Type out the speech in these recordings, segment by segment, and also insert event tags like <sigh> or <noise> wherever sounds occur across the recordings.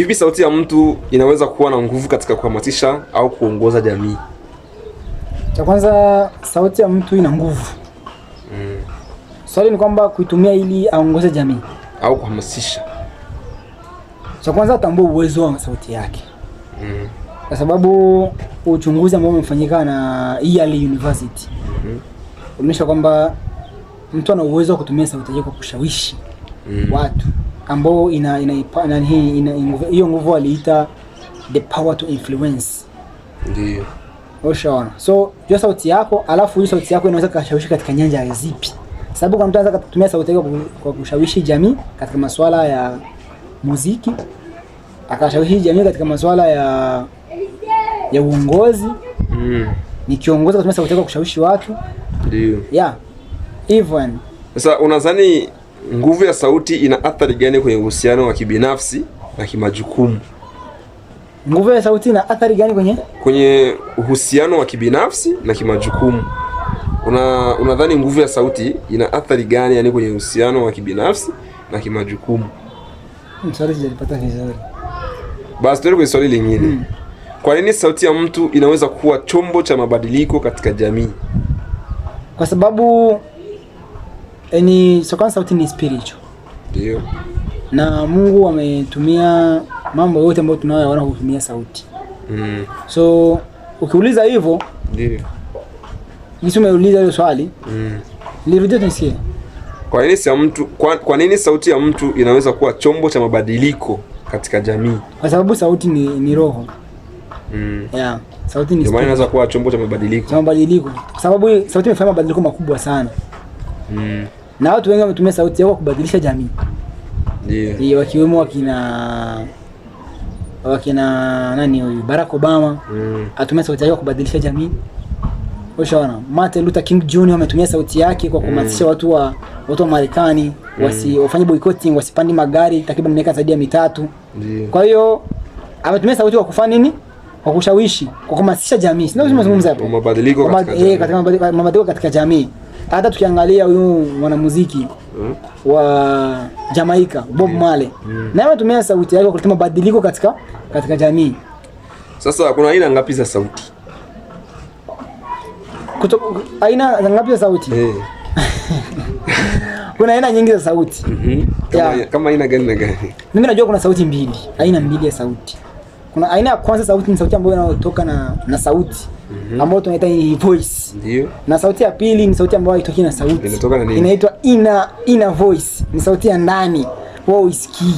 Hivi sauti ya mtu inaweza kuwa na nguvu katika kuhamasisha au kuongoza jamii? Cha kwanza, sauti ya mtu ina nguvu mm. Swali ni kwamba kuitumia ili aongoze jamii au kuhamasisha. Cha kwanza, atambue uwezo wa sauti yake mm. Kwa sababu uchunguzi ambao umefanyika na Yale University mm -hmm. unaonyesha kwamba mtu ana uwezo wa kutumia sauti yake kwa kushawishi mm. watu ambao ina ina hiyo nguvu aliita the power to influence. Ndio. Ushaona. So, jua sauti yako, alafu hiyo sauti yako inaweza kushawishi katika nyanja zipi? Sababu kwa mtu anaweza kutumia sauti yake kwa kushawishi jamii katika masuala ya muziki, akashawishi jamii katika masuala ya ya uongozi. Mm. Ni kiongozi kutumia sauti yako kushawishi watu. Ndio. Yeah. Even. Sasa unadhani nguvu ya sauti ina athari gani kwenye uhusiano wa kibinafsi na kimajukumu? Nguvu ya sauti ina athari gani kwenye kwenye uhusiano wa kibinafsi na kimajukumu? Una unadhani nguvu ya sauti ina athari gani yani kwenye uhusiano wa kibinafsi na kimajukumu? Hmm, Basi tuende kwenye swali lingine. Hmm. Kwa nini sauti ya mtu inaweza kuwa chombo cha mabadiliko katika jamii? Kwa sababu Eh, so kwanza Sauti ni spiritual. Ndio. Na Mungu ametumia mambo yote ambayo tunayoyaona kutumia sauti. Mm. So ukiuliza hivyo ndio. Jinsi umeuliza hiyo swali. Mm. Nirudie tunisikie. Kwa nini sauti ya mtu kwa, kwa nini sauti ya mtu inaweza kuwa chombo cha mabadiliko katika jamii? Kwa sababu sauti ni, ni roho. Mm. Yeah. Sauti ni sauti. inaweza kuwa chombo cha mabadiliko. Cha mabadiliko. Kwa sababu sauti imefanya mabadiliko makubwa sana. Mm na watu wengi wametumia sauti yao kubadilisha jamii. Ndio. Yeah. Wakiwemo wakina wakina nani huyu Barack Obama mm. atumia sauti yake kubadilisha jamii. Ushaona? Martin Luther King Jr. ametumia sauti yake kwa mm. kuhamasisha mm. watu wa watu wa Marekani mm. wasi wafanye boycotting, wasipandi magari takriban miaka zaidi ya mitatu. Ndio. Kwa hiyo ametumia sauti kwa kufanya nini? kwa kushawishi, kwa kuhamasisha jamii, sio tunazungumza hapo mabadiliko katika eh, jamii, mabadiliko katika jamii. Hata tukiangalia huyu mwanamuziki hmm? wa Jamaica Bob hmm. Marley, hmm. naye anatumia sauti yake kuleta mabadiliko katika katika jamii. Sasa kuna aina ngapi za sauti? Kuto, aina ngapi za sauti? Eh. <laughs> Kuna aina nyingi za sauti. Mm -hmm. Kama, kama aina gani na gani? Mimi najua kuna sauti mbili, aina mbili ya sauti kuna aina ya kwanza sauti ni sauti ambayo inayotoka na, na sauti mm -hmm. ambayo tunaita ni voice. Ndio. Na sauti ya pili ni sauti ambayo haitoki na sauti. Inatoka na nini? Inaitwa ina ina voice. Ni sauti ya ndani. Wao isikii.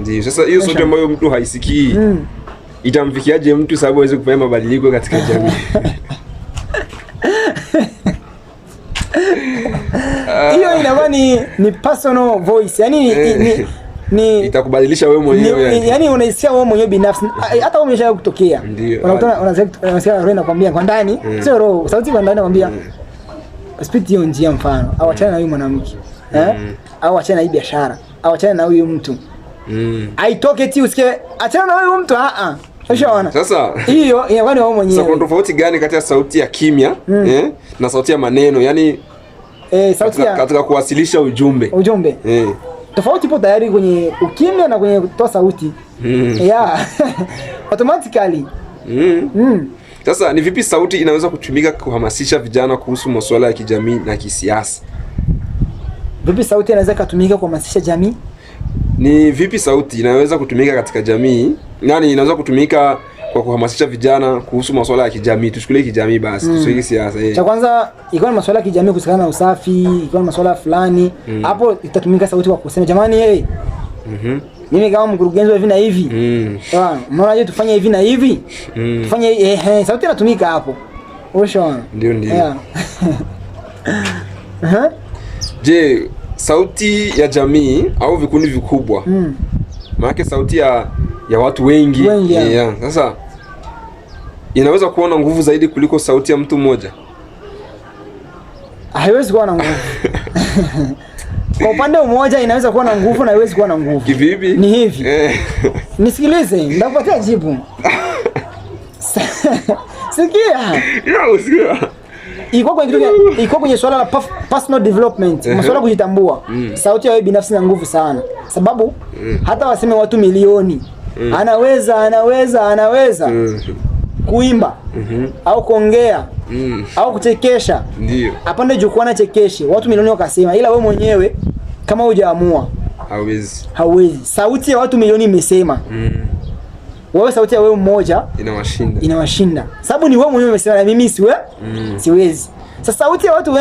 Ndio. Sasa hiyo sauti ambayo mtu haisikii mm. itamfikiaje mtu sababu aweze kufanya mabadiliko katika <laughs> jamii? Hiyo inamani ni personal voice. Yaani ni, ni eh ni itakubadilisha wewe mwenyewe yani, yani unaisikia wewe mwenyewe binafsi, mm-hmm. hata wewe umeshawahi kutokea, unakutana unasema roho inakwambia kwa ndani, mm. sio roho, sauti kwa ndani inakwambia mm. spiti hiyo njia, mfano au achana na huyu mwanamke mm. eh, au achana na hii biashara, au achana na huyu mtu mm, aitoke ti usikie achana na huyu mtu a ah, a ah. Ushaona? Sasa hiyo inakuwa ni wewe mwenyewe. Sasa kuna tofauti gani kati ya sauti ya kimya mm, eh, na sauti ya maneno? Yaani eh, sauti katika, ya katika kuwasilisha ujumbe. Ujumbe. Eh tofauti ipo tayari kwenye ukimya na kwenye kutoa sauti mm. yeah. <laughs> automatically mm. Mm. Sasa ni vipi sauti inaweza kutumika kuhamasisha vijana kuhusu masuala ya kijamii na kisiasa? Vipi sauti inaweza kutumika kuhamasisha jamii? Ni vipi sauti inaweza kutumika katika jamii? Nani inaweza kutumika kwa kuhamasisha vijana kuhusu masuala ya kijamii. Tuchukulie kijamii basi, mm. tusiki siasa eh. Cha kwanza ikiwa ni masuala ya kijamii kuhusiana na usafi, ikiwa ni masuala fulani mm. hapo mm. itatumika sauti kwa kusema jamani, eh hey. Mhm. Mm mimi kama mkurugenzi wa hivi na hivi. Mm. Sawa, unaona je tufanye hivi na hivi? Mm. Tufanye eh, eh sauti inatumika hapo. Ushaona? Ndio ndio. Yeah. uh-huh. <laughs> Je, sauti ya jamii au vikundi vikubwa? Mm. Maana sauti ya ya watu wengi. wengi yeah. yeah. Sasa inaweza kuwa na nguvu zaidi kuliko sauti ya mtu mmoja? Haiwezi kuwa na nguvu <laughs> kwa upande mmoja inaweza kuwa na nguvu na haiwezi kuwa na nguvu. Kivipi? Ni hivi eh. <laughs> nisikilize, nitakupatia jibu <laughs> sikia. sikia Iko kwenye iko kwenye swala la personal development, masuala kujitambua. Mm. Sauti ya wewe binafsi na nguvu sana, sababu mm. hata waseme watu milioni mm. anaweza anaweza anaweza mm kuimba mm -hmm. au kuongea mm. au kuchekesha, ndio apande jukwaa na chekeshe watu milioni wakasema, ila wewe mwenyewe kama hujaamua hauwezi, hauwezi. Sauti ya watu milioni imesema mm. Wewe sauti ya wewe mmoja inawashinda, inawashinda sababu ni wewe mwenyewe umesema, na mimi siwe mm. siwezi. Sasa sauti ya watu